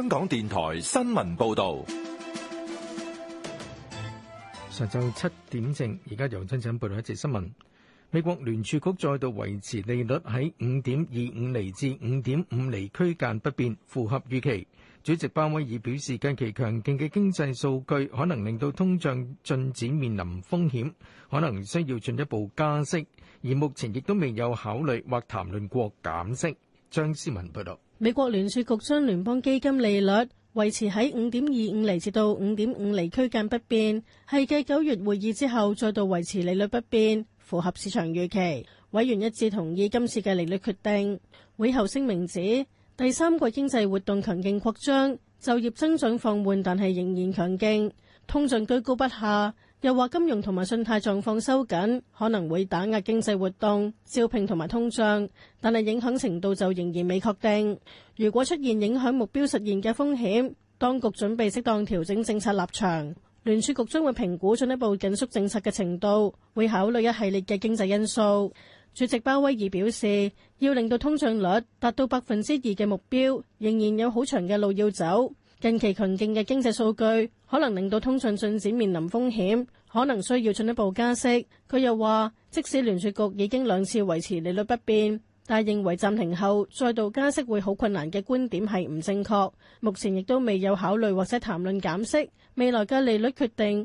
香港電台新聞報道，上晝七點正，而家由真真報道一節新聞。美國聯儲局再度維持利率喺五點二五厘至五點五厘區間不變，符合預期。主席鮑威爾表示，近期強勁嘅經濟數據可能令到通脹進展面臨風險，可能需要進一步加息，而目前亦都未有考慮或談論過減息。張思文報道。美國聯儲局將聯邦基金利率維持喺五點二五厘至到五點五厘區間不變，係繼九月會議之後再度維持利率不變，符合市場預期。委員一致同意今次嘅利率決定。會後聲明指，第三季經濟活動強勁擴張，就業增長放緩但係仍然強勁，通脹居高不下。又話金融同埋信貸狀況收緊，可能會打壓經濟活動、招聘同埋通脹，但係影響程度就仍然未確定。如果出現影響目標實現嘅風險，當局準備適當調整政策立場。聯儲局將會評估進一步緊縮政策嘅程度，會考慮一系列嘅經濟因素。主席鮑威爾表示，要令到通脹率達到百分之二嘅目標，仍然有好長嘅路要走。近期強勁嘅經濟數據，可能令到通脹進展面臨風險，可能需要進一步加息。佢又話，即使聯儲局已經兩次維持利率不變，但認為暫停後再度加息會好困難嘅觀點係唔正確。目前亦都未有考慮或者談論減息，未來嘅利率決定。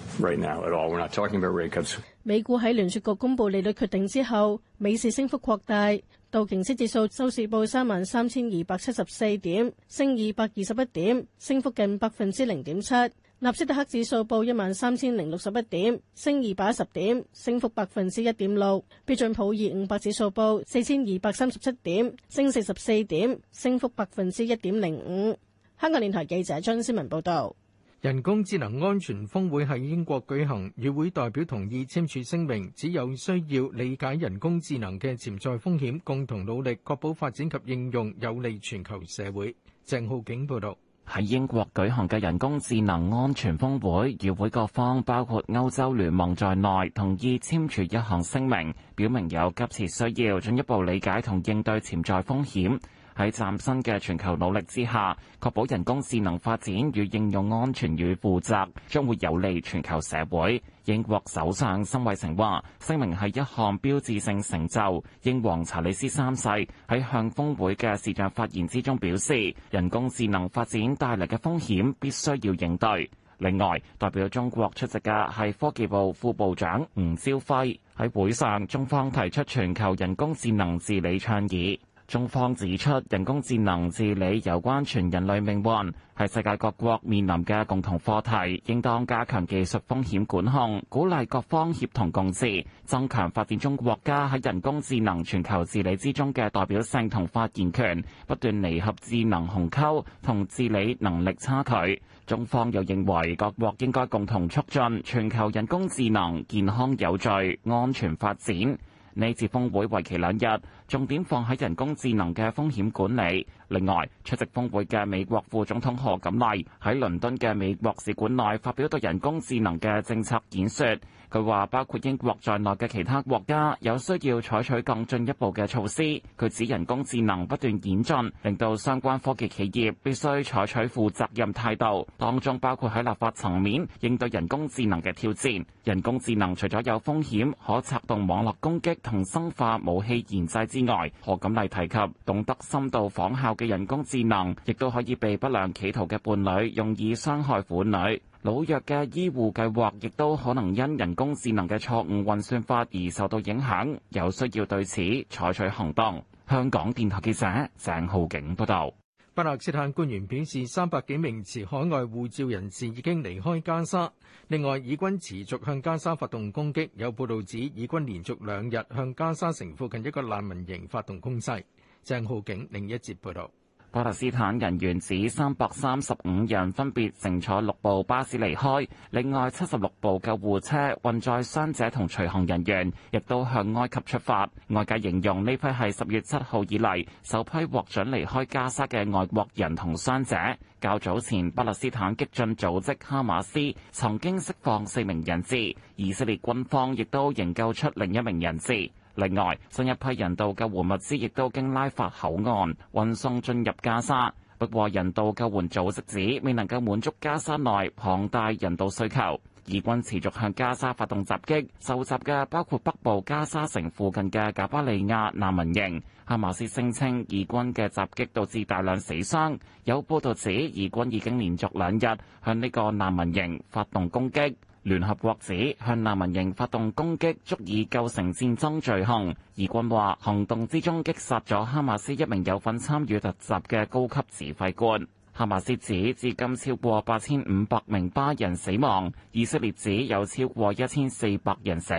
美股喺聯儲局公布利率決定之後，美市升幅擴大。道瓊斯指數收市報三萬三千二百七十四點，升二百二十一點，升幅近百分之零點七。納斯達克指數報一萬三千零六十一點，升二百一十點，升幅百分之一點六。標準普爾五百指數報四千二百三十七點，升四十四點，升幅百分之一點零五。香港電台記者張思文報道。人工智能安全峰會喺英國舉行，與會代表同意簽署聲明，只有需要理解人工智能嘅潛在風險，共同努力確保發展及應用有利全球社會。鄭浩景報道。喺英國舉行嘅人工智能安全峰會，與會各方包括歐洲聯盟在內，同意簽署一項聲明，表明有急切需要進一步理解同應對潛在風險。喺嶄新嘅全球努力之下，確保人工智能發展與應用安全與負責，將會有利全球社會。英國首相辛偉誠話：聲明係一項標誌性成就。英皇查理斯三世喺向峰會嘅視像發言之中表示，人工智能發展帶嚟嘅風險必須要應對，另外，代表中國出席嘅係科技部副部長吳朝輝喺會上，中方提出全球人工智能治理倡議。中方指出，人工智能治理有關全人類命運，係世界各國面臨嘅共同課題，應當加強技術風險管控，鼓勵各方協同共治，增強發展中國家喺人工智能全球治理之中嘅代表性同發言權，不斷彌合智能鴻溝同治理能力差距。中方又認為各國應該共同促進全球人工智能健康有序、安全發展。呢次峰會為期兩日。重點放喺人工智能嘅風險管理。另外，出席峰會嘅美國副總統賀錦麗喺倫敦嘅美國使館內發表對人工智能嘅政策演說。佢話包括英國在內嘅其他國家有需要採取更進一步嘅措施。佢指人工智能不斷演進，令到相關科技企業必須採取負責任態度，當中包括喺立法層面應對人工智能嘅挑戰。人工智能除咗有風險，可策動網絡攻擊同生化武器研製之。外，何錦麗提及，懂得深度仿效嘅人工智能，亦都可以被不良企圖嘅伴侶用以傷害婦女。老弱嘅醫護計劃亦都可能因人工智能嘅錯誤運算法而受到影響，有需要對此採取行動，香港電台記者鄭浩景報道。巴勒斯坦官員表示，三百幾名持海外護照人士已經離開加沙。另外，以軍持續向加沙發動攻擊，有報道指以軍連續兩日向加沙城附近一個難民營發動攻勢。鄭浩景另一節報道。巴勒斯坦人員指三百三十五人分別乘坐六部巴士離開，另外七十六部救護車運載傷者同隨行人員，亦都向埃及出發。外界形容呢批係十月七號以嚟首批獲准離開加沙嘅外國人同傷者。較早前巴勒斯坦激進組織哈馬斯曾經釋放四名人質，以色列軍方亦都營救出另一名人質。另外，新一批人道救援物資亦都經拉法口岸運送進入加沙，不過人道救援組織指未能夠滿足加沙內龐大人道需求。以軍持續向加沙發動襲擊，受襲嘅包括北部加沙城附近嘅加巴利亞難民營。哈馬斯聲稱以軍嘅襲擊導致大量死傷，有報導指以軍已經連續兩日向呢個難民營發動攻擊。聯合國指向難民營發動攻擊足以構成戰爭罪行，以軍話行動之中擊殺咗哈馬斯一名有份參與突襲嘅高級指揮官。哈馬斯指至今超過八千五百名巴人死亡，以色列指有超過一千四百人死。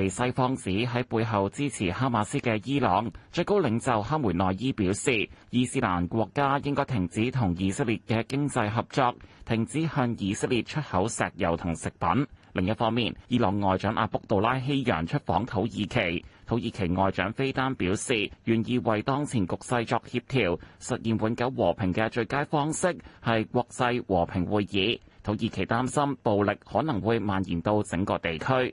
被西方指喺背後支持哈馬斯嘅伊朗最高領袖哈梅內伊表示，伊斯蘭國家應該停止同以色列嘅經濟合作，停止向以色列出口石油同食品。另一方面，伊朗外長阿卜杜拉希揚出訪土耳其，土耳其外長菲丹表示，願意為當前局勢作協調，實現永久和平嘅最佳方式係國際和平會議。土耳其擔心暴力可能會蔓延到整個地區。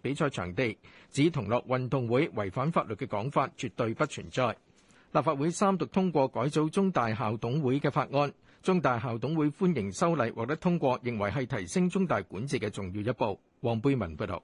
比賽場地，指同樂運動會違反法律嘅講法，絕對不存在。立法會三讀通過改組中大校董會嘅法案，中大校董會歡迎修例獲得通過，認為係提升中大管治嘅重要一步。黃貝文報導。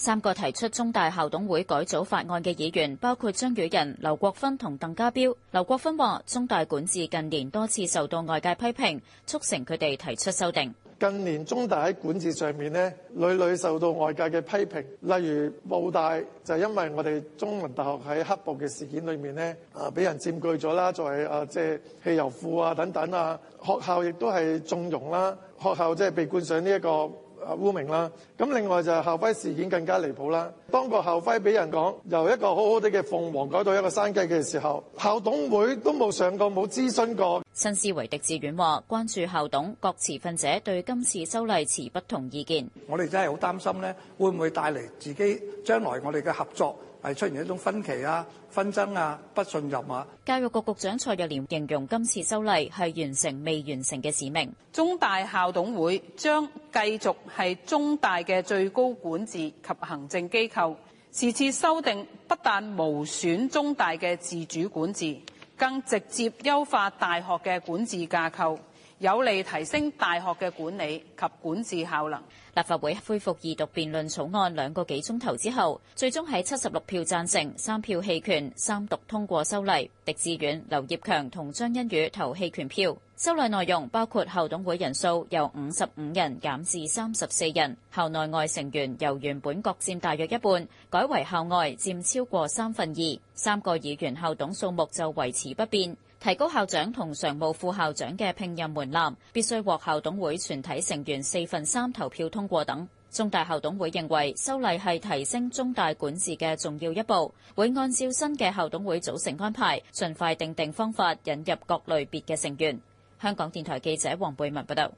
三個提出中大校董會改組法案嘅議員，包括張宇人、劉國勳同鄧家彪。劉國勳話：中大管治近年多次受到外界批評，促成佢哋提出修訂。近年中大喺管治上面咧，屢屢受到外界嘅批評，例如暴大就係因為我哋中文大學喺黑暴嘅事件裏面咧，啊俾人佔據咗啦，作為啊即係汽油庫啊等等啊，學校亦都係縱容啦，學校即係被冠上呢一個。污名啦，咁另外就係校徽事件更加離譜啦。當個校徽俾人講由一個好好哋嘅鳳凰改到一個山雞嘅時候，校董會都冇上過，冇諮詢過。新思維狄志遠話關注校董各持份者對今次修例持不同意見，我哋真係好擔心咧，會唔會帶嚟自己將來我哋嘅合作？係出現一種分歧啊、紛爭啊、不信任啊。教育局局長蔡若蓮形容今次修例係完成未完成嘅使命。中大校董會將繼續係中大嘅最高管治及行政機構。此次，次修訂不但無損中大嘅自主管治，更直接優化大學嘅管治架構。有利提升大學嘅管理及管治效能。立法會恢復二讀辯論草案兩個幾鐘頭之後，最終喺七十六票贊成、三票棄權、三讀通過修例。狄志遠、劉業強同張欣宇投棄權票。修例內容包括校董會人數由五十五人減至三十四人，校內外成員由原本各佔大約一半，改為校外佔超過三分二。三個議員校董數目就維持不變。提高校長同常務副校長嘅聘任門檻，必須獲校董會全體成員四分三投票通過等。中大校董會認為修例係提升中大管治嘅重要一步，會按照新嘅校董會組成安排，盡快訂定方法引入各類別嘅成員。香港電台記者黃貝文報道。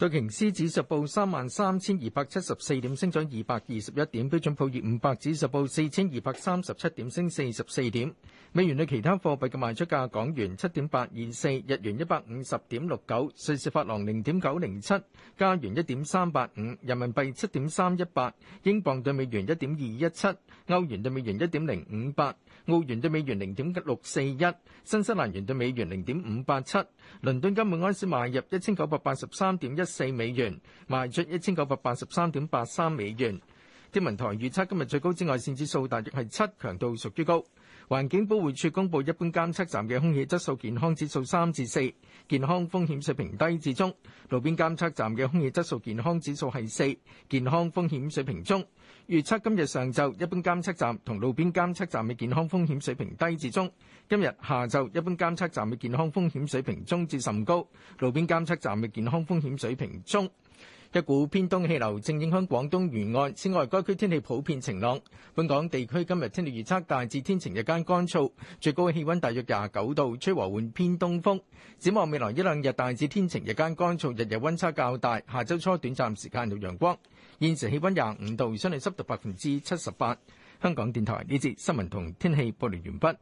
道瓊斯指數報三萬三千二百七十四點，升咗二百二十一點；標準普爾五百指數報四千二百三十七點，升四十四點。美元對其他貨幣嘅賣出價：港元七點八二四，日元一百五十點六九，瑞士法郎零點九零七，加元一點三八五，人民幣七點三一八，英鎊對美元一點二一七，歐元對美元一點零五八，澳元對美元零點六四一，新西蘭元對美元零點五八七。倫敦金本安士賣入一千九百八十三點一四美元，賣出一千九百八十三點八三美元。天文台預測今日最高紫外線指數大約係七，強度屬於高。環境保護署公布一般監測站嘅空氣質素健康指數三至四，健康風險水平低至中；路邊監測站嘅空氣質素健康指數係四，健康風險水平中。預測今日上晝一般監測站同路邊監測站嘅健康風險水平低至中；今日下晝一般監測站嘅健康風險水平中至甚高，路邊監測站嘅健康風險水平中。一股偏東氣流正影響廣東沿岸，此外該區天氣普遍晴朗。本港地區今日天氣預測，大致天晴，日間乾燥，最高氣溫大約廿九度，吹和緩偏東風。展望未來一兩日大致天晴，日間乾燥，日日温差較大。下周初短暫時間有陽光。現時氣温廿五度，相對濕度百分之七十八。香港電台呢節新聞同天氣報道完畢。